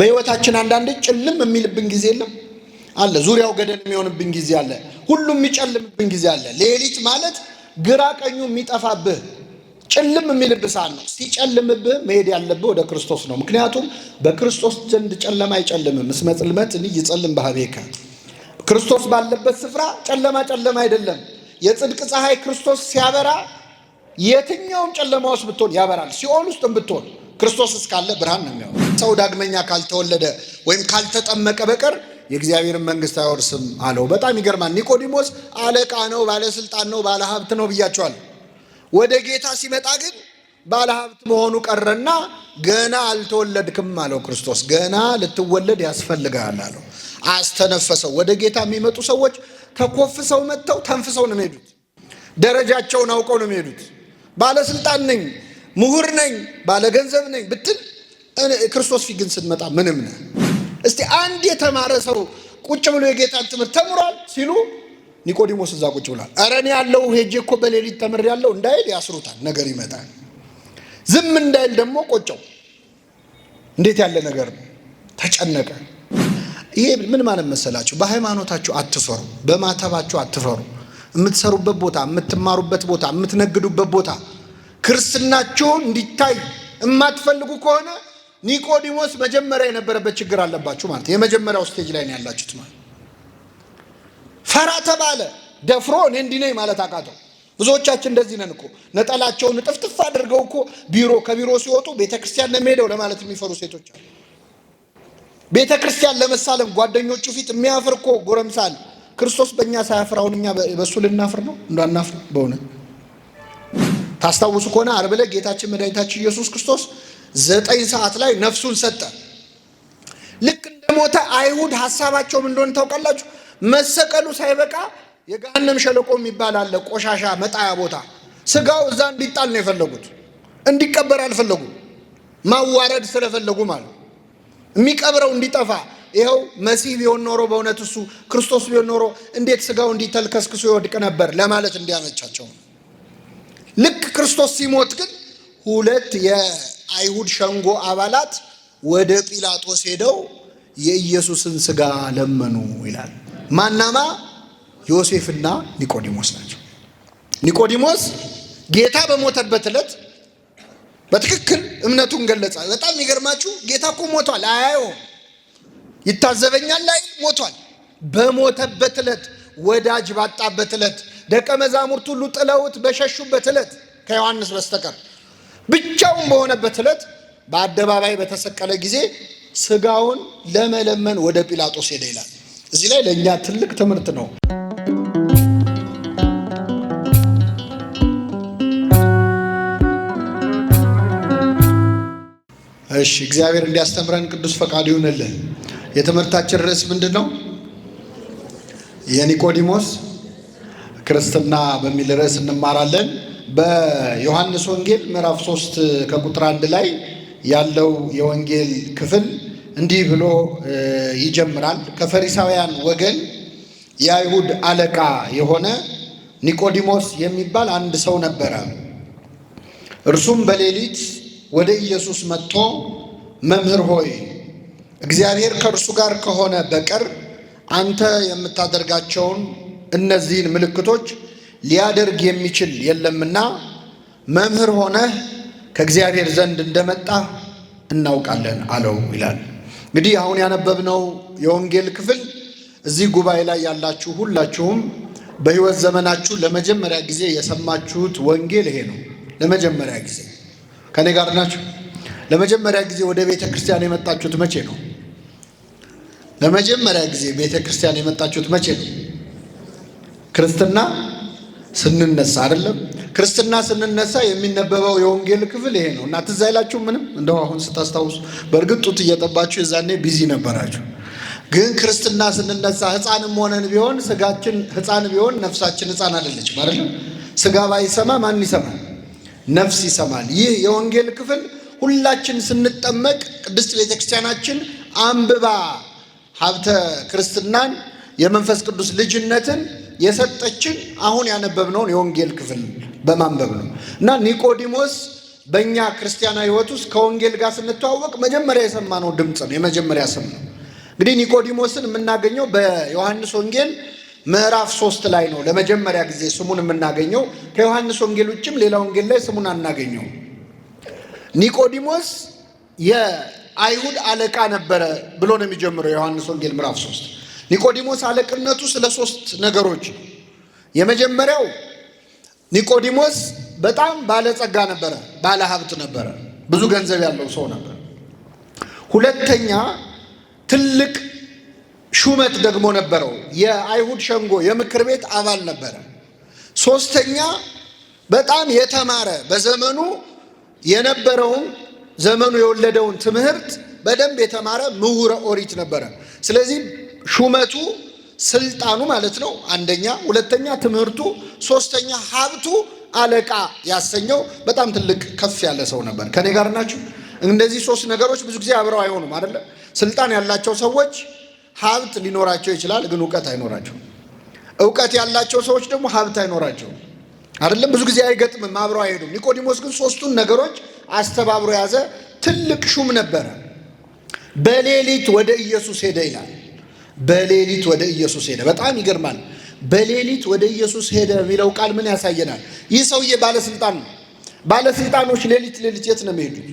በህይወታችን አንዳንዴ ጭልም የሚልብን ጊዜ የለም አለ። ዙሪያው ገደል የሚሆንብን ጊዜ አለ። ሁሉም የሚጨልምብን ጊዜ አለ። ሌሊት ማለት ግራ ቀኙ የሚጠፋብህ ጭልም የሚልብህ ሰዓት ነው። ሲጨልምብህ መሄድ ያለብህ ወደ ክርስቶስ ነው። ምክንያቱም በክርስቶስ ዘንድ ጨለማ አይጨልምም። እስመ ጽልመት ይጸልም ባህቤከ ክርስቶስ ባለበት ስፍራ ጨለማ ጨለማ አይደለም። የጽድቅ ፀሐይ ክርስቶስ ሲያበራ የትኛውም ጨለማ ውስጥ ብትሆን ያበራል። ሲኦል ውስጥም ብትሆን ክርስቶስ እስካለ ብርሃን ነው የሚሆነው። ሰው ዳግመኛ ካልተወለደ ወይም ካልተጠመቀ በቀር የእግዚአብሔርን መንግስት አይወርስም አለው። በጣም ይገርማል። ኒቆዲሞስ አለቃ ነው፣ ባለስልጣን ነው፣ ባለ ሀብት ነው ብያቸዋል። ወደ ጌታ ሲመጣ ግን ባለ ሀብት መሆኑ ቀረና ገና አልተወለድክም አለው ክርስቶስ። ገና ልትወለድ ያስፈልጋል አለው። አስተነፈሰው። ወደ ጌታ የሚመጡ ሰዎች ተኮፍሰው መጥተው ተንፍሰው ነው የሚሄዱት። ደረጃቸውን አውቀው ነው የሚሄዱት። ባለስልጣን ነኝ ምሁር ነኝ ባለገንዘብ ነኝ ብትል ክርስቶስ ፊት ግን ስንመጣ ምንም ነህ። እስቲ አንድ የተማረ ሰው ቁጭ ብሎ የጌታን ትምህርት ተምሯል ሲሉ ኒቆዲሞስ እዛ ቁጭ ብሏል። ኧረ እኔ ያለው ሄጄ እኮ በሌሊት ተምር ያለው እንዳይል ያስሩታል። ነገር ይመጣል። ዝም እንዳይል ደግሞ ቆጨው። እንዴት ያለ ነገር ነው! ተጨነቀ። ይሄ ምን ማለት መሰላችሁ? በሃይማኖታችሁ አትፈሩ፣ በማተባችሁ አትፈሩ። የምትሰሩበት ቦታ፣ የምትማሩበት ቦታ፣ የምትነግዱበት ቦታ ክርስትናችሁ እንዲታይ የማትፈልጉ ከሆነ ኒቆዲሞስ መጀመሪያ የነበረበት ችግር አለባችሁ ማለት የመጀመሪያው ስቴጅ ላይ ነው ያላችሁት ማለት ፈራ ተባለ ደፍሮ እኔ እንዲህ ነኝ ማለት አቃተው ብዙዎቻችን እንደዚህ ነን እኮ ነጠላቸውን ጥፍጥፍ አድርገው እኮ ቢሮ ከቢሮ ሲወጡ ቤተ ክርስቲያን ለሚሄደው ለማለት የሚፈሩ ሴቶች አሉ ቤተ ክርስቲያን ለመሳለም ጓደኞቹ ፊት የሚያፍር እኮ ጎረምሳል ክርስቶስ በእኛ ሳያፍር አሁን እኛ በእሱ ልናፍር ነው እንዳናፍር በእውነት ታስታውሱ ከሆነ ዓርብ ዕለት ጌታችን መድኃኒታችን ኢየሱስ ክርስቶስ ዘጠኝ ሰዓት ላይ ነፍሱን ሰጠ። ልክ እንደሞተ አይሁድ ሀሳባቸው እንደሆነ ታውቃላችሁ? መሰቀሉ ሳይበቃ የገሃነም ሸለቆ የሚባል አለ፣ ቆሻሻ መጣያ ቦታ፣ ስጋው እዛ እንዲጣል ነው የፈለጉት። እንዲቀበር አልፈለጉም፣ ማዋረድ ስለፈለጉ ማለት የሚቀብረው እንዲጠፋ ይኸው መሲህ ቢሆን ኖሮ በእውነት እሱ ክርስቶስ ቢሆን ኖሮ እንዴት ስጋው እንዲተልከስክሶ ይወድቅ ነበር ለማለት እንዲያመቻቸው ነው። ልክ ክርስቶስ ሲሞት ግን ሁለት የአይሁድ ሸንጎ አባላት ወደ ጲላጦስ ሄደው የኢየሱስን ስጋ ለመኑ ይላል። ማናማ ዮሴፍና ኒቆዲሞስ ናቸው። ኒቆዲሞስ ጌታ በሞተበት ዕለት በትክክል እምነቱን ገለጸ። በጣም የሚገርማችሁ ጌታ እኮ ሞቷል፣ አያየውም፣ ይታዘበኛል ላይ ሞቷል። በሞተበት ዕለት ወዳጅ ባጣበት ዕለት ደቀ መዛሙርት ሁሉ ጥለውት በሸሹበት ዕለት ከዮሐንስ በስተቀር ብቻውን በሆነበት ዕለት በአደባባይ በተሰቀለ ጊዜ ስጋውን ለመለመን ወደ ጲላጦስ ሄደ ይላል። እዚህ ላይ ለእኛ ትልቅ ትምህርት ነው። እሺ እግዚአብሔር እንዲያስተምረን ቅዱስ ፈቃድ ይሁንልን። የትምህርታችን ርዕስ ምንድን ነው? የኒቆዲሞስ ክርስትና በሚል ርዕስ እንማራለን። በዮሐንስ ወንጌል ምዕራፍ 3 ከቁጥር አንድ ላይ ያለው የወንጌል ክፍል እንዲህ ብሎ ይጀምራል። ከፈሪሳውያን ወገን የአይሁድ አለቃ የሆነ ኒቆዲሞስ የሚባል አንድ ሰው ነበረ። እርሱም በሌሊት ወደ ኢየሱስ መጥቶ መምህር ሆይ እግዚአብሔር ከእርሱ ጋር ከሆነ በቀር አንተ የምታደርጋቸውን እነዚህን ምልክቶች ሊያደርግ የሚችል የለምና መምህር ሆነህ ከእግዚአብሔር ዘንድ እንደመጣ እናውቃለን አለው ይላል። እንግዲህ አሁን ያነበብነው የወንጌል ክፍል እዚህ ጉባኤ ላይ ያላችሁ ሁላችሁም በሕይወት ዘመናችሁ ለመጀመሪያ ጊዜ የሰማችሁት ወንጌል ይሄ ነው። ለመጀመሪያ ጊዜ ከኔ ጋር ናችሁ። ለመጀመሪያ ጊዜ ወደ ቤተ ክርስቲያን የመጣችሁት መቼ ነው? ለመጀመሪያ ጊዜ ቤተ ክርስቲያን የመጣችሁት መቼ ነው? ክርስትና ስንነሳ አይደለም ክርስትና ስንነሳ የሚነበበው የወንጌል ክፍል ይሄ ነው እና ትዝ አይላችሁ ምንም እንደው አሁን ስታስታውሱ በእርግጥ ጡት እየጠባችሁ የዛኔ ቢዚ ነበራችሁ ግን ክርስትና ስንነሳ ህፃንም ሆነን ቢሆን ስጋችን ህፃን ቢሆን ነፍሳችን ህፃን አይደለችም አይደለም ስጋ ባይሰማ ማን ይሰማል ነፍስ ይሰማል ይህ የወንጌል ክፍል ሁላችን ስንጠመቅ ቅድስት ቤተክርስቲያናችን አንብባ ሀብተ ክርስትናን የመንፈስ ቅዱስ ልጅነትን የሰጠችን አሁን ያነበብነውን የወንጌል ክፍል በማንበብ ነው እና ኒቆዲሞስ በእኛ ክርስቲያናዊ ህይወት ውስጥ ከወንጌል ጋር ስንተዋወቅ መጀመሪያ የሰማነው ድምፅ ነው። የመጀመሪያ ስም ነው። እንግዲህ ኒቆዲሞስን የምናገኘው በዮሐንስ ወንጌል ምዕራፍ ሶስት ላይ ነው ለመጀመሪያ ጊዜ ስሙን የምናገኘው። ከዮሐንስ ወንጌል ውጭም ሌላ ወንጌል ላይ ስሙን አናገኘው። ኒቆዲሞስ የአይሁድ አለቃ ነበረ ብሎ ነው የሚጀምረው የዮሐንስ ወንጌል ምዕራፍ ሶስት ኒቆዲሞስ አለቅነቱ ስለ ሶስት ነገሮች ነው። የመጀመሪያው ኒቆዲሞስ በጣም ባለጸጋ ነበረ፣ ባለ ሀብት ነበረ፣ ብዙ ገንዘብ ያለው ሰው ነበር። ሁለተኛ ትልቅ ሹመት ደግሞ ነበረው፣ የአይሁድ ሸንጎ የምክር ቤት አባል ነበረ። ሶስተኛ በጣም የተማረ በዘመኑ የነበረውን ዘመኑ የወለደውን ትምህርት በደንብ የተማረ ምሁረ ኦሪት ነበረ። ስለዚህ ሹመቱ ስልጣኑ ማለት ነው። አንደኛ፣ ሁለተኛ ትምህርቱ፣ ሶስተኛ ሀብቱ አለቃ ያሰኘው በጣም ትልቅ ከፍ ያለ ሰው ነበር። ከኔ ጋር ናችሁ? እነዚህ ሶስት ነገሮች ብዙ ጊዜ አብረው አይሆኑም አይደለ? ስልጣን ያላቸው ሰዎች ሀብት ሊኖራቸው ይችላል፣ ግን እውቀት አይኖራቸውም። እውቀት ያላቸው ሰዎች ደግሞ ሀብት አይኖራቸውም። አይደለም? ብዙ ጊዜ አይገጥምም፣ አብረው አይሄዱም። ኒቆዲሞስ ግን ሶስቱን ነገሮች አስተባብሮ የያዘ ትልቅ ሹም ነበረ። በሌሊት ወደ ኢየሱስ ሄደ ይላል። በሌሊት ወደ ኢየሱስ ሄደ። በጣም ይገርማል። በሌሊት ወደ ኢየሱስ ሄደ የሚለው ቃል ምን ያሳየናል? ይህ ሰውዬ ባለስልጣን ነው። ባለስልጣኖች ሌሊት ሌሊት የት ነው የሚሄዱት?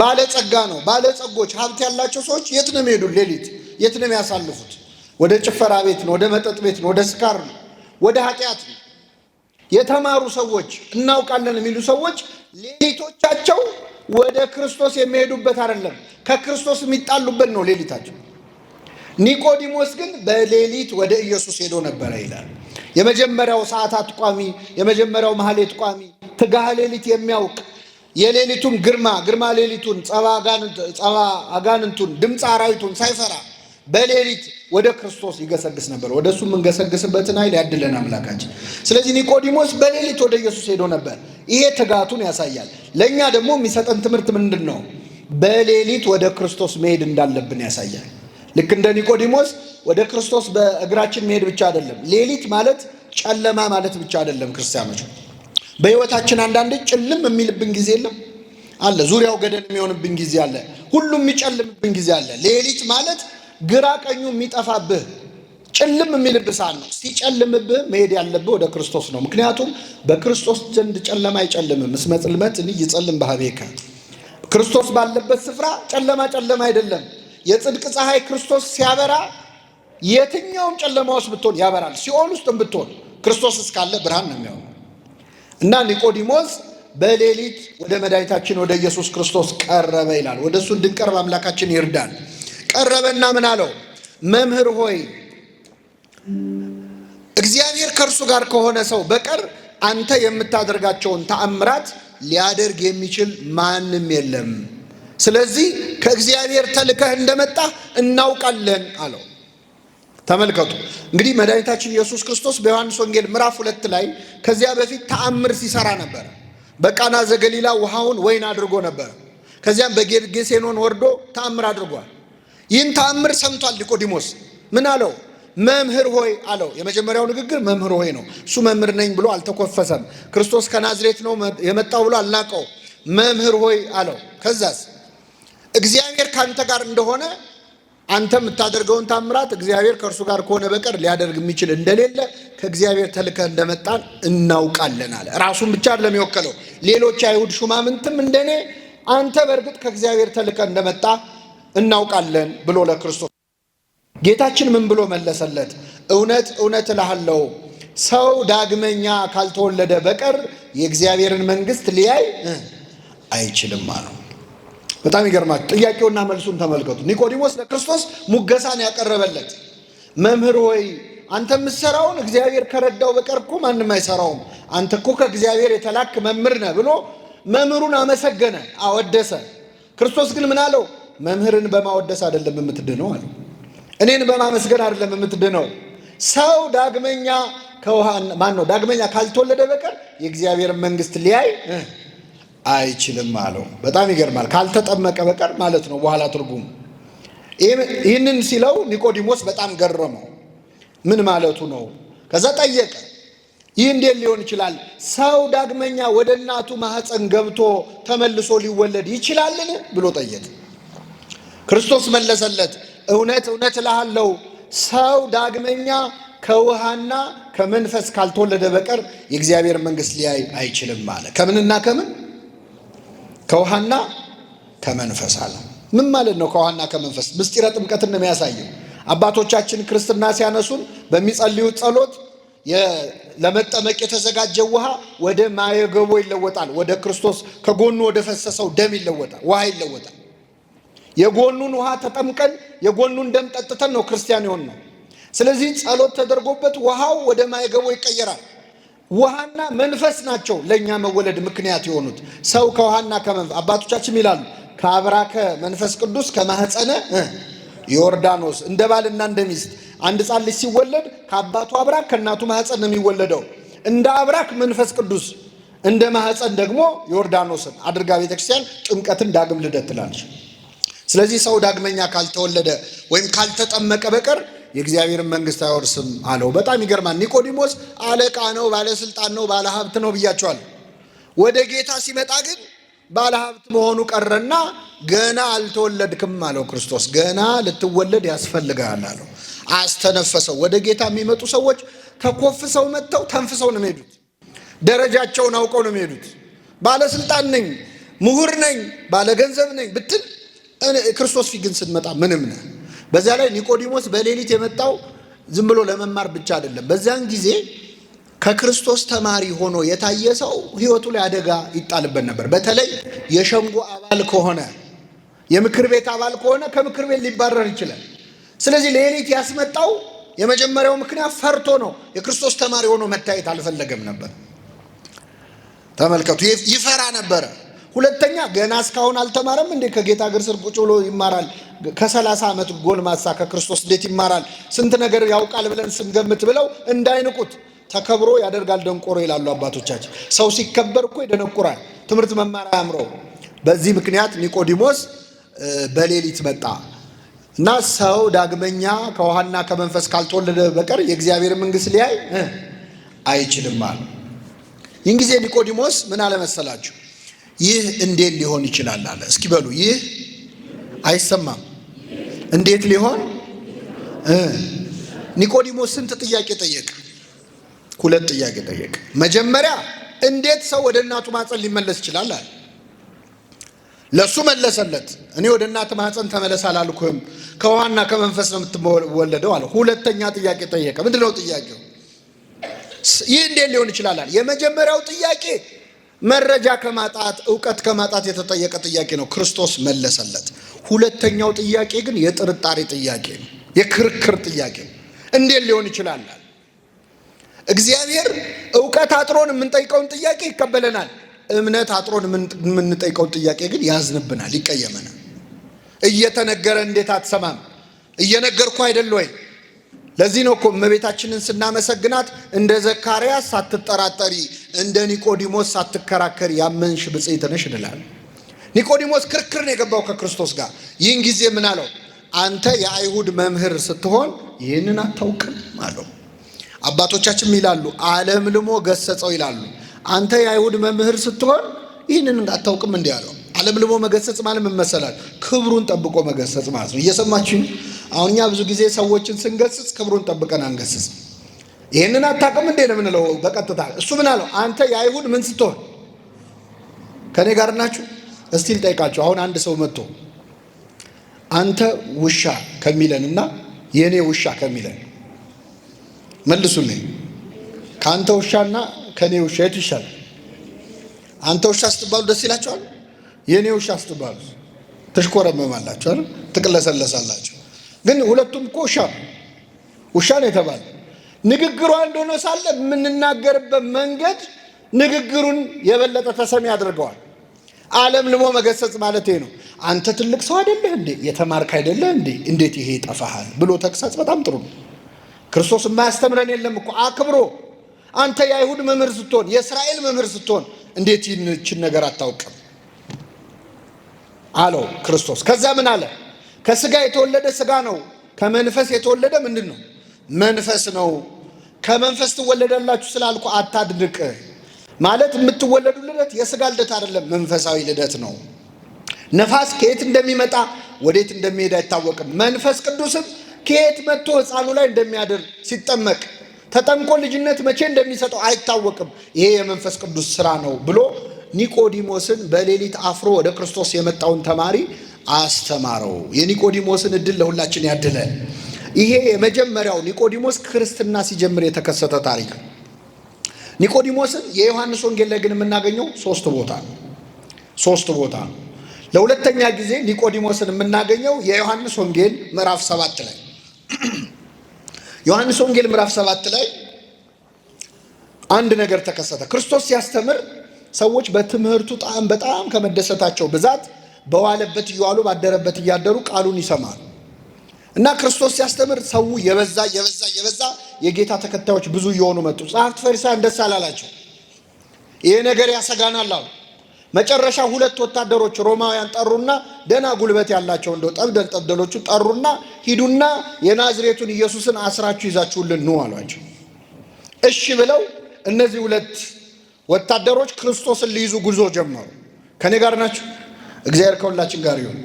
ባለጸጋ ነው። ባለጸጎች፣ ሀብት ያላቸው ሰዎች የት ነው የሚሄዱት? ሌሊት የት ነው የሚያሳልፉት? ወደ ጭፈራ ቤት ነው፣ ወደ መጠጥ ቤት ነው፣ ወደ ስካር ነው፣ ወደ ኃጢአት ነው። የተማሩ ሰዎች እናውቃለን የሚሉ ሰዎች ሌሊቶቻቸው ወደ ክርስቶስ የሚሄዱበት አይደለም፣ ከክርስቶስ የሚጣሉበት ነው ሌሊታቸው። ኒቆዲሞስ ግን በሌሊት ወደ ኢየሱስ ሄዶ ነበረ ይላል። የመጀመሪያው ሰዓታት ቋሚ፣ የመጀመሪያው ማህሌት ቋሚ፣ ትጋሃ ሌሊት የሚያውቅ የሌሊቱን ግርማ ግርማ ሌሊቱን ጸባ አጋንንቱን ድምፅ አራዊቱን ሳይፈራ በሌሊት ወደ ክርስቶስ ይገሰግስ ነበር። ወደ እሱ የምንገሰግስበትን ኃይል ያድለን አምላካችን። ስለዚህ ኒቆዲሞስ በሌሊት ወደ ኢየሱስ ሄዶ ነበር። ይሄ ትጋቱን ያሳያል። ለእኛ ደግሞ የሚሰጠን ትምህርት ምንድን ነው? በሌሊት ወደ ክርስቶስ መሄድ እንዳለብን ያሳያል። ልክ እንደ ኒቆዲሞስ ወደ ክርስቶስ በእግራችን መሄድ ብቻ አይደለም። ሌሊት ማለት ጨለማ ማለት ብቻ አይደለም። ክርስቲያኖች በህይወታችን አንዳንዴ ጭልም የሚልብን ጊዜ የለም አለ። ዙሪያው ገደል የሚሆንብን ጊዜ አለ። ሁሉም የሚጨልምብን ጊዜ አለ። ሌሊት ማለት ግራ ቀኙ የሚጠፋብህ ጭልም የሚልብህ ሰዓት ነው። ሲጨልምብህ መሄድ ያለብህ ወደ ክርስቶስ ነው። ምክንያቱም በክርስቶስ ዘንድ ጨለማ አይጨልምም። እስመ ጽልመት ይጸልም ባህቤከ ክርስቶስ ባለበት ስፍራ ጨለማ ጨለማ አይደለም። የጽድቅ ፀሐይ ክርስቶስ ሲያበራ የትኛውም ጨለማ ውስጥ ብትሆን ያበራል። ሲኦል ውስጥም ብትሆን ክርስቶስ እስካለ ብርሃን ነው የሚሆነው እና ኒቆዲሞስ በሌሊት ወደ መድኃኒታችን ወደ ኢየሱስ ክርስቶስ ቀረበ ይላል። ወደ እሱ እንድንቀርብ አምላካችን ይርዳል። ቀረበና ምን አለው? መምህር ሆይ እግዚአብሔር ከእርሱ ጋር ከሆነ ሰው በቀር አንተ የምታደርጋቸውን ተአምራት ሊያደርግ የሚችል ማንም የለም። ስለዚህ ከእግዚአብሔር ተልከህ እንደመጣ እናውቃለን አለው። ተመልከቱ እንግዲህ መድኃኒታችን ኢየሱስ ክርስቶስ በዮሐንስ ወንጌል ምዕራፍ ሁለት ላይ ከዚያ በፊት ተአምር ሲሰራ ነበር። በቃና ዘገሊላ ውሃውን ወይን አድርጎ ነበር። ከዚያም በጌርጌሴኖን ወርዶ ተአምር አድርጓል። ይህን ተአምር ሰምቷል ኒቆዲሞስ። ምን አለው? መምህር ሆይ አለው። የመጀመሪያው ንግግር መምህር ሆይ ነው። እሱ መምህር ነኝ ብሎ አልተኮፈሰም። ክርስቶስ ከናዝሬት ነው የመጣው ብሎ አልናቀው። መምህር ሆይ አለው። ከዛስ እግዚአብሔር ካንተ ጋር እንደሆነ አንተ የምታደርገውን ታምራት እግዚአብሔር ከእርሱ ጋር ከሆነ በቀር ሊያደርግ የሚችል እንደሌለ ከእግዚአብሔር ተልከ እንደመጣን እናውቃለን አለ። ራሱን ብቻ አይደለም የወከለው፣ ሌሎች አይሁድ ሹማምንትም እንደኔ አንተ በእርግጥ ከእግዚአብሔር ተልከ እንደመጣ እናውቃለን ብሎ ለክርስቶስ ጌታችን ምን ብሎ መለሰለት? እውነት እውነት እልሃለሁ ሰው ዳግመኛ ካልተወለደ በቀር የእግዚአብሔርን መንግስት ሊያይ አይችልም አለው። በጣም ይገርማችሁ። ጥያቄውና መልሱን ተመልከቱ። ኒቆዲሞስ ለክርስቶስ ሙገሳን ያቀረበለት መምህር ሆይ አንተ የምትሰራውን እግዚአብሔር ከረዳው በቀር እኮ ማንም አይሰራውም። አንተ እኮ ከእግዚአብሔር የተላክ መምህር ነህ ብሎ መምህሩን አመሰገነ፣ አወደሰ። ክርስቶስ ግን ምን አለው? መምህርን በማወደስ አይደለም የምትድነው አለ። እኔን በማመስገን አይደለም የምትድነው። ሰው ዳግመኛ ከውሃ ማን ነው ዳግመኛ ካልተወለደ በቀር የእግዚአብሔር መንግስት ሊያይ አይችልም አለው። በጣም ይገርማል። ካልተጠመቀ በቀር ማለት ነው። በኋላ ትርጉም ይህንን ሲለው ኒቆዲሞስ በጣም ገረመው። ምን ማለቱ ነው? ከዛ ጠየቀ። ይህ እንዴት ሊሆን ይችላል? ሰው ዳግመኛ ወደ እናቱ ማኅፀን ገብቶ ተመልሶ ሊወለድ ይችላልን? ብሎ ጠየቀ። ክርስቶስ መለሰለት፣ እውነት እውነት እልሃለሁ ሰው ዳግመኛ ከውሃና ከመንፈስ ካልተወለደ በቀር የእግዚአብሔር መንግሥት ሊያይ አይችልም አለ። ከምንና ከምን ከውሃና ከመንፈስ አለ። ምን ማለት ነው? ከውሃና ከመንፈስ ምስጢረ ጥምቀትን ነው የሚያሳየው። አባቶቻችን ክርስትና ሲያነሱን በሚጸልዩት ጸሎት ለመጠመቅ የተዘጋጀ ውሃ ወደ ማየገቦ ይለወጣል። ወደ ክርስቶስ ከጎኑ ወደ ፈሰሰው ደም ይለወጣል፣ ውሃ ይለወጣል። የጎኑን ውሃ ተጠምቀን የጎኑን ደም ጠጥተን ነው ክርስቲያን የሆን ነው። ስለዚህ ጸሎት ተደርጎበት ውሃው ወደ ማየገቦ ይቀየራል። ውሃና መንፈስ ናቸው ለእኛ መወለድ ምክንያት የሆኑት። ሰው ከውሃና ከመንፈ አባቶቻችን ይላሉ ከአብራከ መንፈስ ቅዱስ ከማህፀነ ዮርዳኖስ እንደ ባልና እንደ ሚስት አንድ ሕፃን ልጅ ሲወለድ ከአባቱ አብራክ ከእናቱ ማህፀን ነው የሚወለደው። እንደ አብራክ መንፈስ ቅዱስ፣ እንደ ማህፀን ደግሞ ዮርዳኖስን አድርጋ ቤተክርስቲያን ጥምቀትን ዳግም ልደት ትላለች። ስለዚህ ሰው ዳግመኛ ካልተወለደ ወይም ካልተጠመቀ በቀር የእግዚአብሔርን መንግስት አይወርስም አለው። በጣም ይገርማል። ኒቆዲሞስ አለቃ ነው፣ ባለስልጣን ነው፣ ባለ ሀብት ነው ብያቸዋል። ወደ ጌታ ሲመጣ ግን ባለ ሀብት መሆኑ ቀረና ገና አልተወለድክም አለው ክርስቶስ። ገና ልትወለድ ያስፈልጋል አለው። አስተነፈሰው። ወደ ጌታ የሚመጡ ሰዎች ተኮፍሰው መጥተው ተንፍሰው ነው የሚሄዱት። ደረጃቸውን አውቀው ነው የሚሄዱት። ባለስልጣን ነኝ፣ ምሁር ነኝ፣ ባለገንዘብ ነኝ ብትል ክርስቶስ ፊት ግን ስትመጣ ምንም ነህ። በዛ ላይ ኒቆዲሞስ በሌሊት የመጣው ዝም ብሎ ለመማር ብቻ አይደለም። በዚያን ጊዜ ከክርስቶስ ተማሪ ሆኖ የታየ ሰው ሕይወቱ ላይ አደጋ ይጣልበት ነበር። በተለይ የሸንጎ አባል ከሆነ የምክር ቤት አባል ከሆነ ከምክር ቤት ሊባረር ይችላል። ስለዚህ ሌሊት ያስመጣው የመጀመሪያው ምክንያት ፈርቶ ነው። የክርስቶስ ተማሪ ሆኖ መታየት አልፈለገም ነበር። ተመልከቱ፣ ይፈራ ነበረ። ሁለተኛ ገና እስካሁን አልተማረም እንዴ? ከጌታ እግር ስር ቁጭ ብሎ ይማራል። ከሰላሳ ዓመት ጎልማሳ ከክርስቶስ እንዴት ይማራል? ስንት ነገር ያውቃል ብለን ስንገምት ብለው እንዳይንቁት ተከብሮ ያደርጋል ደንቆሮ ይላሉ አባቶቻችን። ሰው ሲከበር እኮ ይደነቁራል፣ ትምህርት መማር አያምረው። በዚህ ምክንያት ኒቆዲሞስ በሌሊት መጣ እና ሰው ዳግመኛ ከውሃና ከመንፈስ ካልተወለደ በቀር የእግዚአብሔር መንግሥት ሊያይ አይችልም አለ። ይህን ጊዜ ኒቆዲሞስ ምን አለመሰላችሁ ይህ እንዴት ሊሆን ይችላል አለ። እስኪ በሉ ይህ አይሰማም። እንዴት ሊሆን ኒቆዲሞስ ስንት ጥያቄ ጠየቀ? ሁለት ጥያቄ ጠየቀ። መጀመሪያ እንዴት ሰው ወደ እናቱ ማፀን ሊመለስ ይችላል አለ። ለሱ መለሰለት። እኔ ወደ እናት ማፀን ተመለስ አላልኩም፣ ከውሃና ከመንፈስ ነው የምትወለደው አለ። ሁለተኛ ጥያቄ ጠየቀ። ምንድነው ጥያቄው? ይህ እንዴት ሊሆን ይችላል አለ። የመጀመሪያው ጥያቄ መረጃ ከማጣት እውቀት ከማጣት የተጠየቀ ጥያቄ ነው። ክርስቶስ መለሰለት። ሁለተኛው ጥያቄ ግን የጥርጣሬ ጥያቄ ነው፣ የክርክር ጥያቄ ነው። እንዴት ሊሆን ይችላል? እግዚአብሔር እውቀት አጥሮን የምንጠይቀውን ጥያቄ ይቀበለናል። እምነት አጥሮን የምንጠይቀውን ጥያቄ ግን ያዝንብናል፣ ይቀየመናል። እየተነገረ እንዴት አትሰማም? እየነገርኩ አይደል ወይ ለዚህ ነው እኮ እመቤታችንን ስናመሰግናት እንደ ዘካርያስ ሳትጠራጠሪ እንደ ኒቆዲሞስ ሳትከራከሪ ያመንሽ ብጽዕት ነሽ እንላለን። ኒቆዲሞስ ክርክር የገባው ከክርስቶስ ጋር። ይህን ጊዜ ምን አለው? አንተ የአይሁድ መምህር ስትሆን ይህንን አታውቅም አለው። አባቶቻችን ይላሉ ዓለም ልሞ ገሰጸው ይላሉ። አንተ የአይሁድ መምህር ስትሆን ይህንን አታውቅም እንዲህ አለው። ዓለም ልሞ መገሰጽ ማለት ምን መሰላል? ክብሩን ጠብቆ መገሰጽ ማለት ነው። እየሰማችሁኝ? አሁን እኛ ብዙ ጊዜ ሰዎችን ስንገስጽ ክብሩን ጠብቀን አንገስጽ። ይህንን አታውቅም እንዴ ነው የምንለው በቀጥታ። እሱ ምን አለው? አንተ የአይሁድ ምን ስትሆን ከእኔ ጋር ናችሁ? እስቲ ልጠይቃችሁ። አሁን አንድ ሰው መጥቶ አንተ ውሻ ከሚለን እና የእኔ ውሻ ከሚለን መልሱልኝ። ከአንተ ውሻና ከእኔ ውሻ የቱ ይሻላል? አንተ ውሻ ስትባሉ ደስ ይላቸዋል? የእኔ ውሻ አስትባሉ ትሽኮረመማላችሁ አይደል? ትቅለሰለሳላችሁ። ግን ሁለቱም እኮ ውሻ ውሻ ነው የተባለ ንግግሩ አንድ ሆኖ ሳለ የምንናገርበት መንገድ ንግግሩን የበለጠ ተሰሚ አድርገዋል። ዓለም ልሞ መገሰጽ ማለት ነው። አንተ ትልቅ ሰው አይደለህ እንዴ? የተማርክ አይደለህ እንዴ? እንዴት ይሄ ይጠፋሃል ብሎ ተግሳጽ በጣም ጥሩ ነው። ክርስቶስ የማያስተምረን የለም እኮ አክብሮ። አንተ የአይሁድ መምህር ስትሆን፣ የእስራኤል መምህር ስትሆን እንዴት ይህችን ነገር አታውቅም? አለው ክርስቶስ። ከዛ ምን አለ? ከስጋ የተወለደ ስጋ ነው፣ ከመንፈስ የተወለደ ምንድን ነው? መንፈስ ነው። ከመንፈስ ትወለዳላችሁ ስላልኩ አታድንቅ። ማለት የምትወለዱ ልደት የስጋ ልደት አይደለም፣ መንፈሳዊ ልደት ነው። ነፋስ ከየት እንደሚመጣ ወዴት እንደሚሄድ አይታወቅም። መንፈስ ቅዱስም ከየት መጥቶ ሕፃኑ ላይ እንደሚያድር ሲጠመቅ ተጠምቆ ልጅነት መቼ እንደሚሰጠው አይታወቅም። ይሄ የመንፈስ ቅዱስ ስራ ነው ብሎ ኒቆዲሞስን በሌሊት አፍሮ ወደ ክርስቶስ የመጣውን ተማሪ አስተማረው። የኒቆዲሞስን እድል ለሁላችን ያድለ። ይሄ የመጀመሪያው ኒቆዲሞስ ክርስትና ሲጀምር የተከሰተ ታሪክ። ኒቆዲሞስን የዮሐንስ ወንጌል ላይ ግን የምናገኘው ሶስት ቦታ ሶስት ቦታ ነው። ለሁለተኛ ጊዜ ኒቆዲሞስን የምናገኘው የዮሐንስ ወንጌል ምዕራፍ ሰባት ላይ ዮሐንስ ወንጌል ምዕራፍ ሰባት ላይ አንድ ነገር ተከሰተ። ክርስቶስ ሲያስተምር ሰዎች በትምህርቱ ጣም በጣም ከመደሰታቸው ብዛት በዋለበት እየዋሉ ባደረበት እያደሩ ቃሉን ይሰማሉ እና ክርስቶስ ሲያስተምር ሰው የበዛ የበዛ የበዛ የጌታ ተከታዮች ብዙ እየሆኑ መጡ። ጸሐፍት ፈሪሳውያን ደስ አላላቸው። ይሄ ነገር ያሰጋናል አሉ። መጨረሻ ሁለት ወታደሮች ሮማውያን ጠሩና ደና ጉልበት ያላቸው እንደው ጠብደል ጠብደሎቹ ጠሩና ሂዱና የናዝሬቱን ኢየሱስን አስራችሁ ይዛችሁልን ኑ አሏቸው። እሺ ብለው እነዚህ ሁለት ወታደሮች ክርስቶስን ሊይዙ ጉዞ ጀመሩ። ከኔ ጋር ናቸው። እግዚአብሔር ከሁላችን ጋር ይሁን።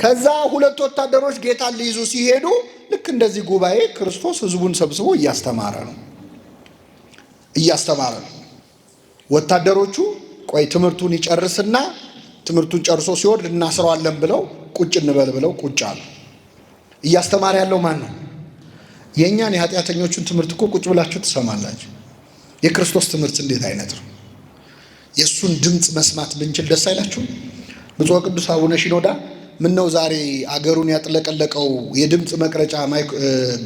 ከዛ ሁለት ወታደሮች ጌታን ሊይዙ ሲሄዱ ልክ እንደዚህ ጉባኤ ክርስቶስ ህዝቡን ሰብስቦ እያስተማረ ነው እያስተማረ ነው። ወታደሮቹ ቆይ ትምህርቱን ይጨርስና ትምህርቱን ጨርሶ ሲወርድ እናስረዋለን ብለው ቁጭ እንበል ብለው ቁጭ አሉ። እያስተማረ ያለው ማን ነው? የእኛን የኃጢአተኞቹን ትምህርት እኮ ቁጭ ብላችሁ ትሰማላችሁ። የክርስቶስ ትምህርት እንዴት አይነት ነው? የእሱን ድምፅ መስማት ብንችል ደስ አይላችሁ ብፁዕ ቅዱስ አቡነ ሺኖዳ ምን ነው ዛሬ አገሩን ያጥለቀለቀው የድምፅ መቅረጫ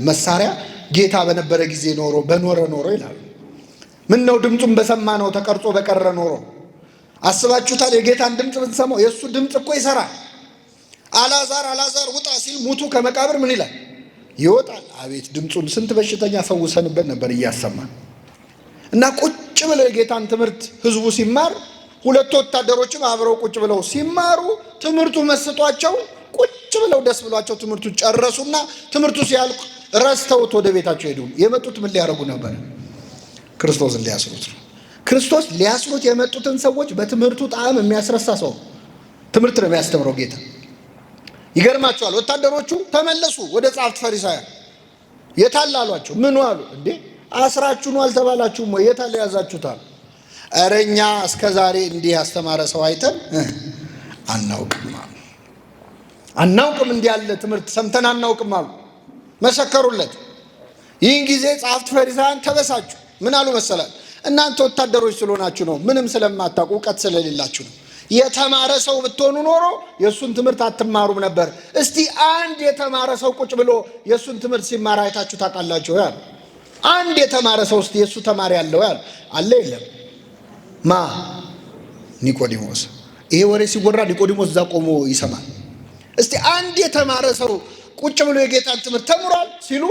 መሳሪያ ጌታ በነበረ ጊዜ ኖሮ በኖረ ኖሮ ይላሉ። ምን ነው ድምፁን በሰማ ነው ተቀርጾ በቀረ ኖሮ። አስባችሁታል? የጌታን ድምፅ ብንሰማው የእሱ ድምፅ እኮ ይሰራል። አላዛር አላዛር ውጣ ሲል ሙቱ ከመቃብር ምን ይላል? ይወጣል። አቤት ድምፁን ስንት በሽተኛ ፈውሰንበት ነበር እያሰማን እና ቁጭ ብለው የጌታን ትምህርት ህዝቡ ሲማር ሁለቱ ወታደሮችም አብረው ቁጭ ብለው ሲማሩ ትምህርቱ መስጧቸው ቁጭ ብለው ደስ ብሏቸው ትምህርቱ ጨረሱና ትምህርቱ ሲያልቅ ረስተውት ወደ ቤታቸው ሄዱ። የመጡት ምን ሊያደርጉ ነበር? ክርስቶስን ሊያስሩት ነው። ክርስቶስ ሊያስሩት የመጡትን ሰዎች በትምህርቱ ጣዕም የሚያስረሳ ሰው ትምህርት ነው የሚያስተምረው ጌታ። ይገርማቸዋል። ወታደሮቹ ተመለሱ ወደ ጻፍት ፈሪሳውያን የታላሏቸው ምኑ አሉ እንዴ አስራችሁ ነው አልተባላችሁም ወይ? የት ያዛችሁታል? እኛ እስከ ዛሬ እንዲህ ያስተማረ ሰው አይተን አናውቅም አሉ። አናውቅም እንዲህ ያለ ትምህርት ሰምተን አናውቅም አሉ። መሰከሩለት። ይህን ጊዜ ጸሐፍት ፈሪሳውያን ተበሳችሁ። ምን አሉ መሰላል? እናንተ ወታደሮች ስለሆናችሁ ነው፣ ምንም ስለማታውቁ እውቀት ስለሌላችሁ ነው። የተማረ ሰው ብትሆኑ ኖሮ የእሱን ትምህርት አትማሩም ነበር። እስቲ አንድ የተማረ ሰው ቁጭ ብሎ የእሱን ትምህርት ሲማር አይታችሁ ታውቃላችሁ? አንድ የተማረ ሰው ውስጥ የእሱ ተማሪ አለው ያሉ አለ የለም? ማ ኒቆዲሞስ። ይሄ ወሬ ሲወራ ኒቆዲሞስ እዛ ቆሞ ይሰማል። እስቲ አንድ የተማረ ሰው ቁጭ ብሎ የጌታን ትምህርት ተምሯል ሲሉ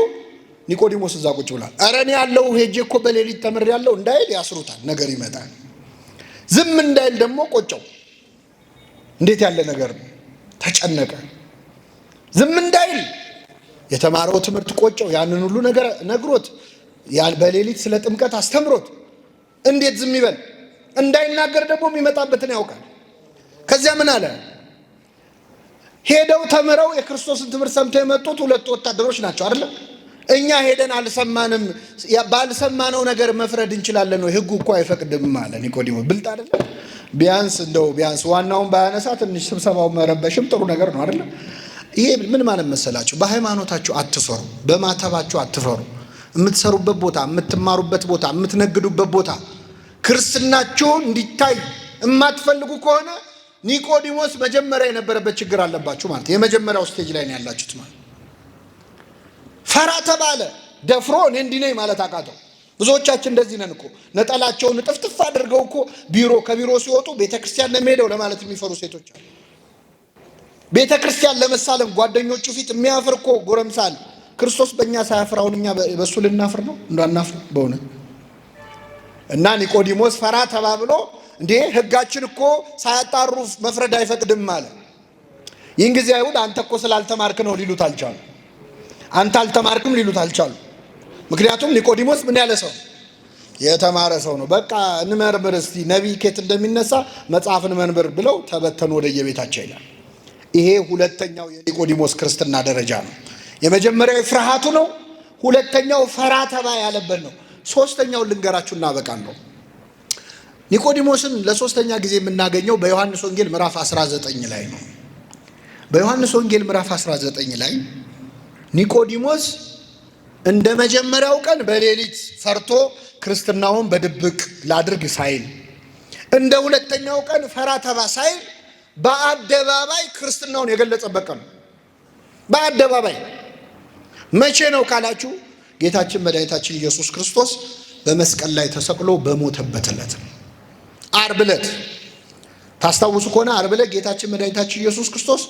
ኒቆዲሞስ እዛ ቁጭ ብሏል። ኧረ እኔ ያለው ሄጄ እኮ በሌሊት ተምር ያለው እንዳይል ያስሩታል። ነገር ይመጣል። ዝም እንዳይል ደግሞ ቆጨው። እንዴት ያለ ነገር ነው! ተጨነቀ። ዝም እንዳይል የተማረው ትምህርት ቆጨው። ያንን ሁሉ ነገር ነግሮት በሌሊት ስለ ጥምቀት አስተምሮት እንዴት ዝም ይበል? እንዳይናገር ደግሞ የሚመጣበትን ያውቃል። ከዚያ ምን አለ? ሄደው ተምረው የክርስቶስን ትምህርት ሰምተው የመጡት ሁለቱ ወታደሮች ናቸው አይደለም? እኛ ሄደን አልሰማንም፣ ባልሰማነው ነገር መፍረድ እንችላለን ወይ? ህጉ እኮ አይፈቅድም አለ ኒቆዲሞ። ብልጥ አይደለም? ቢያንስ እንደው ቢያንስ ዋናውን ባያነሳ ትንሽ ስብሰባው መረበሽም ጥሩ ነገር ነው አይደለም? ይሄ ምን ማለት መሰላችሁ? በሃይማኖታችሁ አትፈሩ፣ በማተባችሁ አትፈሩ። የምትሰሩበት ቦታ፣ የምትማሩበት ቦታ፣ የምትነግዱበት ቦታ ክርስትናችሁ እንዲታይ የማትፈልጉ ከሆነ ኒቆዲሞስ መጀመሪያ የነበረበት ችግር አለባችሁ ማለት የመጀመሪያው ስቴጅ ላይ ነው ያላችሁት ማለት። ፈራ ተባለ ደፍሮ እኔ እንዲህ ነኝ ማለት አቃተው። ብዙዎቻችን እንደዚህ ነን እኮ ነጠላቸውን ጥፍጥፍ አድርገው እኮ ቢሮ ከቢሮ ሲወጡ ቤተ ክርስቲያን ለመሄደው ለማለት የሚፈሩ ሴቶች አሉ። ቤተ ክርስቲያን ለመሳለም ጓደኞቹ ፊት የሚያፍር እኮ ጎረምሳ ነው። ክርስቶስ በእኛ ሳያፍር አሁን እኛ በእሱ ልናፍር ነው? እንዳናፍር በእውነት እና ኒቆዲሞስ ፈራ ተባብሎ እንዴ ህጋችን እኮ ሳያጣሩ መፍረድ አይፈቅድም አለ። ይህን ጊዜ አይሁድ አንተ እኮ ስላልተማርክ ነው ሊሉት አልቻሉ። አንተ አልተማርክም ሊሉት አልቻሉ። ምክንያቱም ኒቆዲሞስ ምን ያለ ሰው የተማረ ሰው ነው። በቃ እንመርምር እስቲ ነቢይ ኬት እንደሚነሳ መጽሐፍ እንመንብር ብለው ተበተኑ ወደየቤታቸው ይላል። ይሄ ሁለተኛው የኒቆዲሞስ ክርስትና ደረጃ ነው። የመጀመሪያው ፍርሃቱ ነው። ሁለተኛው ፈራ ተባ ያለበት ነው። ሶስተኛው ልንገራችሁ እናበቃን ነው። ኒቆዲሞስን ለሶስተኛ ጊዜ የምናገኘው በዮሐንስ ወንጌል ምዕራፍ 19 ላይ ነው። በዮሐንስ ወንጌል ምዕራፍ 19 ላይ ኒቆዲሞስ እንደ መጀመሪያው ቀን በሌሊት ፈርቶ ክርስትናውን በድብቅ ላድርግ ሳይል እንደ ሁለተኛው ቀን ፈራ ተባ ሳይል በአደባባይ ክርስትናውን የገለጸበት ቀን በአደባባይ መቼ ነው ካላችሁ ጌታችን መድኃኒታችን ኢየሱስ ክርስቶስ በመስቀል ላይ ተሰቅሎ በሞተበት ዕለት ነው። ዓርብ ዕለት ታስታውሱ ከሆነ ዓርብ ዕለት ጌታችን መድኃኒታችን ኢየሱስ ክርስቶስ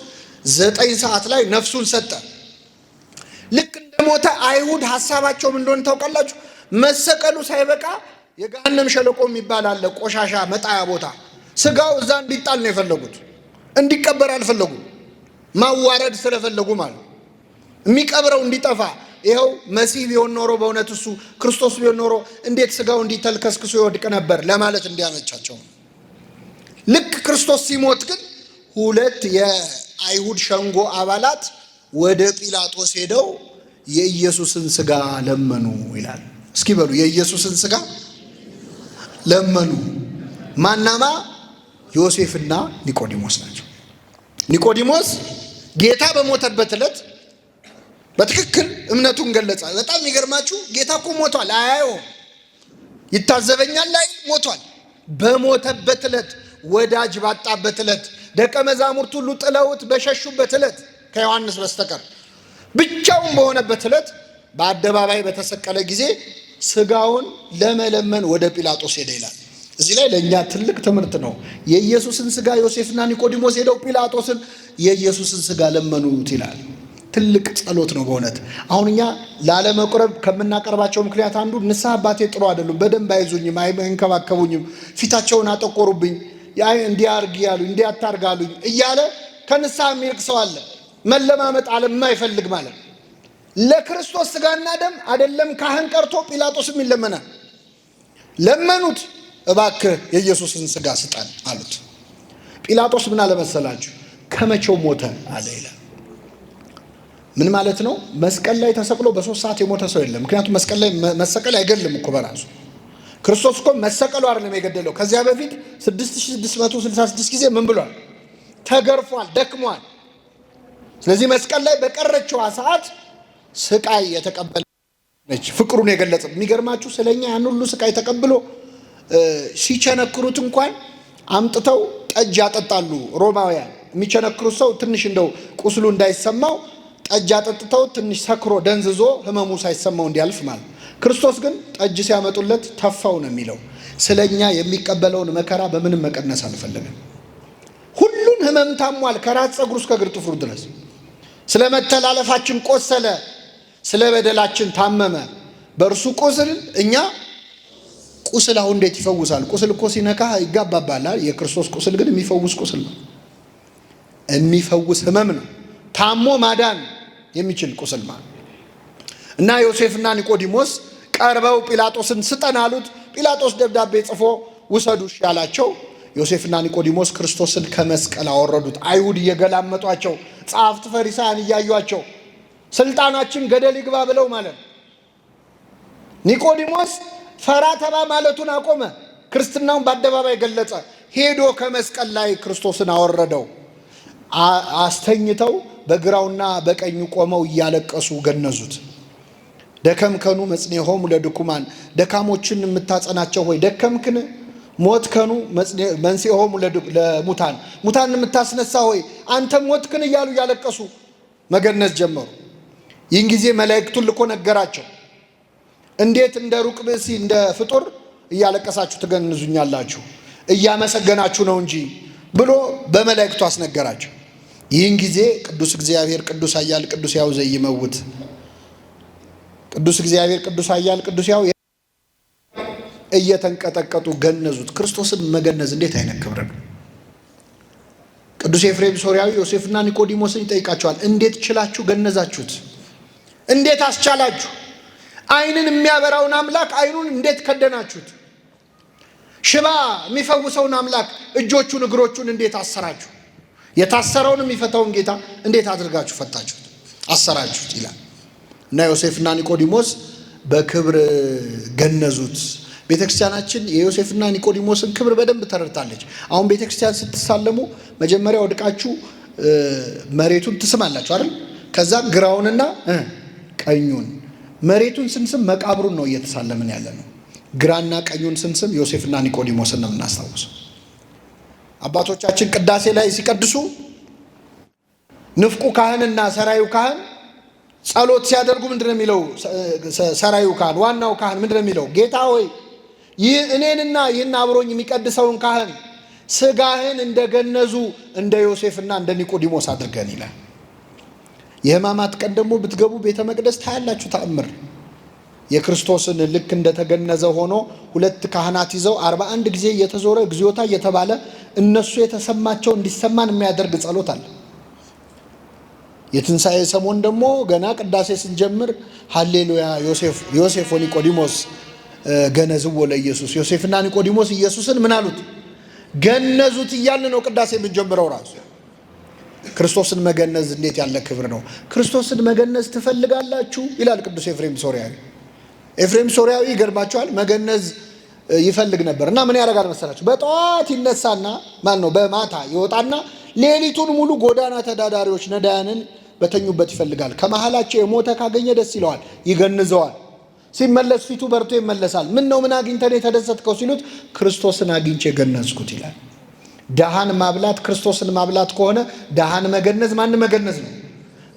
ዘጠኝ ሰዓት ላይ ነፍሱን ሰጠ። ልክ እንደሞተ አይሁድ ሀሳባቸውም እንደሆነ ታውቃላችሁ። መሰቀሉ ሳይበቃ የገሃነም ሸለቆ የሚባል አለ፣ ቆሻሻ መጣያ ቦታ፣ ስጋው እዛ እንዲጣል ነው የፈለጉት። እንዲቀበር አልፈለጉም፣ ማዋረድ ስለፈለጉ ማለት የሚቀብረው እንዲጠፋ ይኸው መሲህ ቢሆን ኖሮ በእውነት እሱ ክርስቶስ ቢሆን ኖሮ እንዴት ስጋው እንዲተልከስክሶ ይወድቅ ነበር ለማለት እንዲያመቻቸው ነው። ልክ ክርስቶስ ሲሞት ግን ሁለት የአይሁድ ሸንጎ አባላት ወደ ጲላጦስ ሄደው የኢየሱስን ስጋ ለመኑ ይላል። እስኪ በሉ የኢየሱስን ስጋ ለመኑ። ማናማ? ዮሴፍና ኒቆዲሞስ ናቸው። ኒቆዲሞስ ጌታ በሞተበት ዕለት በትክክል እምነቱን ገለጸ። በጣም የሚገርማችሁ ጌታ እኮ ሞቷል፣ አያዩ ይታዘበኛል ላይ ሞቷል። በሞተበት ዕለት ወዳጅ ባጣበት ዕለት ደቀ መዛሙርት ሁሉ ጥለውት በሸሹበት ዕለት ከዮሐንስ በስተቀር ብቻውን በሆነበት ዕለት በአደባባይ በተሰቀለ ጊዜ ስጋውን ለመለመን ወደ ጲላጦስ ሄደ ይላል። እዚህ ላይ ለእኛ ትልቅ ትምህርት ነው። የኢየሱስን ስጋ ዮሴፍና ኒቆዲሞስ ሄደው ጲላጦስን የኢየሱስን ስጋ ለመኑት ይላል። ትልቅ ጸሎት ነው በእውነት። አሁን እኛ ላለመቁረብ ከምናቀርባቸው ምክንያት አንዱ ንስሐ አባቴ ጥሩ አይደሉም፣ በደንብ አይዙኝም፣ አይንከባከቡኝም፣ ፊታቸውን አጠቆሩብኝ፣ እንዲያርግ ያሉ እንዲያታርጋሉኝ እያለ ከንስሐ የሚርቅ ሰው አለ። መለማመጥ አለ የማይፈልግ ማለት ለክርስቶስ ስጋና ደም አይደለም ካህን ቀርቶ ጲላጦስም ይለመናል። ለመኑት፣ እባክህ የኢየሱስን ስጋ ስጣን አሉት። ጲላጦስ ምን አለመሰላችሁ? ከመቼው ሞተ አለ ይላል ምን ማለት ነው? መስቀል ላይ ተሰቅሎ በሶስት ሰዓት የሞተ ሰው የለም። ምክንያቱም መስቀል ላይ መሰቀል አይገድልም እኮ በራሱ ክርስቶስ እኮ መሰቀሉ አይደለም የገደለው። ከዚያ በፊት 6666 ጊዜ ምን ብሏል? ተገርፏል፣ ደክሟል። ስለዚህ መስቀል ላይ በቀረችዋ ሰዓት ስቃይ የተቀበለ ነች። ፍቅሩን የገለጸ የሚገርማችሁ ስለኛ ያን ሁሉ ስቃይ ተቀብሎ ሲቸነክሩት እንኳን አምጥተው ጠጅ ያጠጣሉ ሮማውያን። የሚቸነክሩት ሰው ትንሽ እንደው ቁስሉ እንዳይሰማው ጠጅ አጠጥተው ትንሽ ሰክሮ ደንዝዞ ህመሙ ሳይሰማው እንዲያልፍ ማለት ነው። ክርስቶስ ግን ጠጅ ሲያመጡለት ተፋው ነው የሚለው። ስለ እኛ የሚቀበለውን መከራ በምንም መቀነስ አልፈለገም። ሁሉን ህመም ታሟል፣ ከራስ ፀጉር እስከ እግር ጥፍሩ ድረስ። ስለ መተላለፋችን ቆሰለ፣ ስለ በደላችን ታመመ። በእርሱ ቁስል እኛ ቁስል አሁን እንዴት ይፈውሳል? ቁስል እኮ ሲነካ ይጋባባላል። የክርስቶስ ቁስል ግን የሚፈውስ ቁስል ነው፣ የሚፈውስ ህመም ነው። ታሞ ማዳን የሚችል ቁስል ማለት እና ዮሴፍና ኒቆዲሞስ ቀርበው ጲላጦስን ስጠን አሉት። ጲላጦስ ደብዳቤ ጽፎ ውሰዱ ያላቸው። ዮሴፍና ኒቆዲሞስ ክርስቶስን ከመስቀል አወረዱት። አይሁድ እየገላመጧቸው፣ ጸሐፍት ፈሪሳያን እያዩቸው ስልጣናችን ገደል ይግባ ብለው ማለት ነው። ኒቆዲሞስ ፈራ ተባ ማለቱን አቆመ። ክርስትናውን በአደባባይ ገለጸ። ሄዶ ከመስቀል ላይ ክርስቶስን አወረደው። አስተኝተው በግራውና በቀኙ ቆመው እያለቀሱ ገነዙት። ደከምከኑ መጽኔሆሙ ለድኩማን፣ ደካሞችን የምታጸናቸው ሆይ ደከምክን። ሞትከኑ መንስኤሆሙ ለሙታን፣ ሙታን የምታስነሳ ሆይ አንተ ሞትክን እያሉ እያለቀሱ መገነዝ ጀመሩ። ይህን ጊዜ መላእክቱን ልኮ ነገራቸው። እንዴት እንደ ሩቅ ብእሲ እንደ ፍጡር እያለቀሳችሁ ትገንዙኛላችሁ? እያመሰገናችሁ ነው እንጂ ብሎ በመላእክቱ አስነገራቸው። ይህን ጊዜ ቅዱስ እግዚአብሔር ቅዱስ አያል ቅዱስ ያው ዘይመውት ቅዱስ እግዚአብሔር ቅዱስ አያል ቅዱስ ያው እየተንቀጠቀጡ ገነዙት። ክርስቶስን መገነዝ እንዴት አይነት ክብር ነው! ቅዱስ ኤፍሬም ሶርያዊ ዮሴፍና ኒቆዲሞስን ይጠይቃቸዋል። እንዴት ችላችሁ ገነዛችሁት? እንዴት አስቻላችሁ? ዓይንን የሚያበራውን አምላክ ዓይኑን እንዴት ከደናችሁት? ሽባ የሚፈውሰውን አምላክ እጆቹን እግሮቹን እንዴት አሰራችሁ? የታሰረውን የሚፈታውን ጌታ እንዴት አድርጋችሁ ፈታችሁት አሰራችሁት ይላል እና ዮሴፍና ኒቆዲሞስ በክብር ገነዙት። ቤተክርስቲያናችን የዮሴፍና ኒቆዲሞስን ክብር በደንብ ተረድታለች። አሁን ቤተክርስቲያን ስትሳለሙ መጀመሪያ ወድቃችሁ መሬቱን ትስማላችሁ አይደል? ከዛ ግራውንና ቀኙን መሬቱን ስንስም መቃብሩን ነው እየተሳለምን ያለ ነው። ግራና ቀኙን ስንስም ዮሴፍና ኒቆዲሞስን ነው የምናስታውሰው። አባቶቻችን ቅዳሴ ላይ ሲቀድሱ ንፍቁ ካህንና ሰራዩ ካህን ጸሎት ሲያደርጉ ምንድን ነው የሚለው? ሰራዩ ካህን ዋናው ካህን ምንድን ነው የሚለው? ጌታ ሆይ ይህ እኔንና ይህን አብሮኝ የሚቀድሰውን ካህን ስጋህን እንደገነዙ እንደ ዮሴፍና እንደ ኒቆዲሞስ አድርገን ይላል። የሕማማት ቀን ደግሞ ብትገቡ ቤተ መቅደስ ታያላችሁ ተአምር የክርስቶስን ልክ እንደተገነዘ ሆኖ ሁለት ካህናት ይዘው አርባ አንድ ጊዜ እየተዞረ እግዚኦታ እየተባለ እነሱ የተሰማቸው እንዲሰማን የሚያደርግ ጸሎት አለ። የትንሣኤ ሰሞን ደግሞ ገና ቅዳሴ ስንጀምር ሀሌሉያ ዮሴፍ ወኒቆዲሞስ ገነዝዎ ለኢየሱስ ዮሴፍና ኒቆዲሞስ ኢየሱስን ምን አሉት? ገነዙት እያልን ነው ቅዳሴ የምንጀምረው። ራሱ ክርስቶስን መገነዝ እንዴት ያለ ክብር ነው! ክርስቶስን መገነዝ ትፈልጋላችሁ ይላል ቅዱስ ኤፍሬም ሶሪያዊ። ኤፍሬም ሶሪያዊ ይገርማችኋል መገነዝ ይፈልግ ነበር እና ምን ያደርጋል መሰላችሁ? በጠዋት ይነሳና ማን ነው በማታ ይወጣና ሌሊቱን ሙሉ ጎዳና ተዳዳሪዎች ነዳያንን በተኙበት ይፈልጋል። ከመሃላቸው የሞተ ካገኘ ደስ ይለዋል፣ ይገንዘዋል። ሲመለስ ፊቱ በርቶ ይመለሳል። ምን ነው ምን አግኝተን የተደሰትከው ሲሉት ክርስቶስን አግኝቼ የገነዝኩት ይላል። ደሃን ማብላት ክርስቶስን ማብላት ከሆነ ደሃን መገነዝ ማን መገነዝ ነው?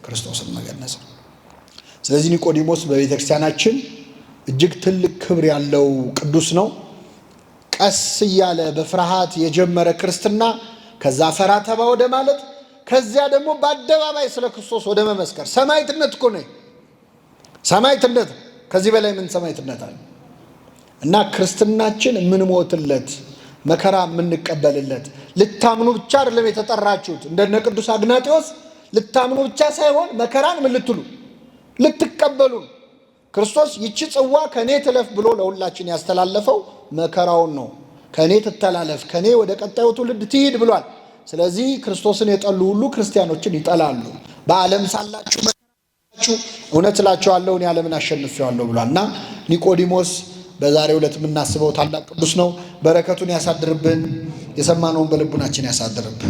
ክርስቶስን መገነዝ ነው። ስለዚህ ኒቆዲሞስ በቤተክርስቲያናችን እጅግ ትልቅ ክብር ያለው ቅዱስ ነው። ቀስ እያለ በፍርሃት የጀመረ ክርስትና ከዛ ፈራ ተባ ወደ ማለት ከዚያ ደግሞ በአደባባይ ስለ ክርስቶስ ወደ መመስከር ሰማይትነት እኮ ነው። ሰማይትነት ከዚህ በላይ ምን ሰማይትነት አለ? እና ክርስትናችን የምንሞትለት መከራ የምንቀበልለት ልታምኑ ብቻ አይደለም የተጠራችሁት። እንደነ ቅዱስ አግናጢዎስ ልታምኑ ብቻ ሳይሆን መከራን ምን ልትሉ ልትቀበሉ ክርስቶስ ይቺ ጽዋ ከእኔ ትለፍ ብሎ ለሁላችን ያስተላለፈው መከራውን ነው። ከእኔ ትተላለፍ፣ ከእኔ ወደ ቀጣዩ ትውልድ ትሂድ ብሏል። ስለዚህ ክርስቶስን የጠሉ ሁሉ ክርስቲያኖችን ይጠላሉ። በዓለም ሳላችሁ መከራችሁ፣ እውነት እላችኋለሁ እኔ ዓለምን አሸንፌዋለሁ ብሏል እና ኒቆዲሞስ በዛሬው ዕለት የምናስበው ታላቅ ቅዱስ ነው። በረከቱን ያሳድርብን። የሰማነውን በልቡናችን ያሳድርብን።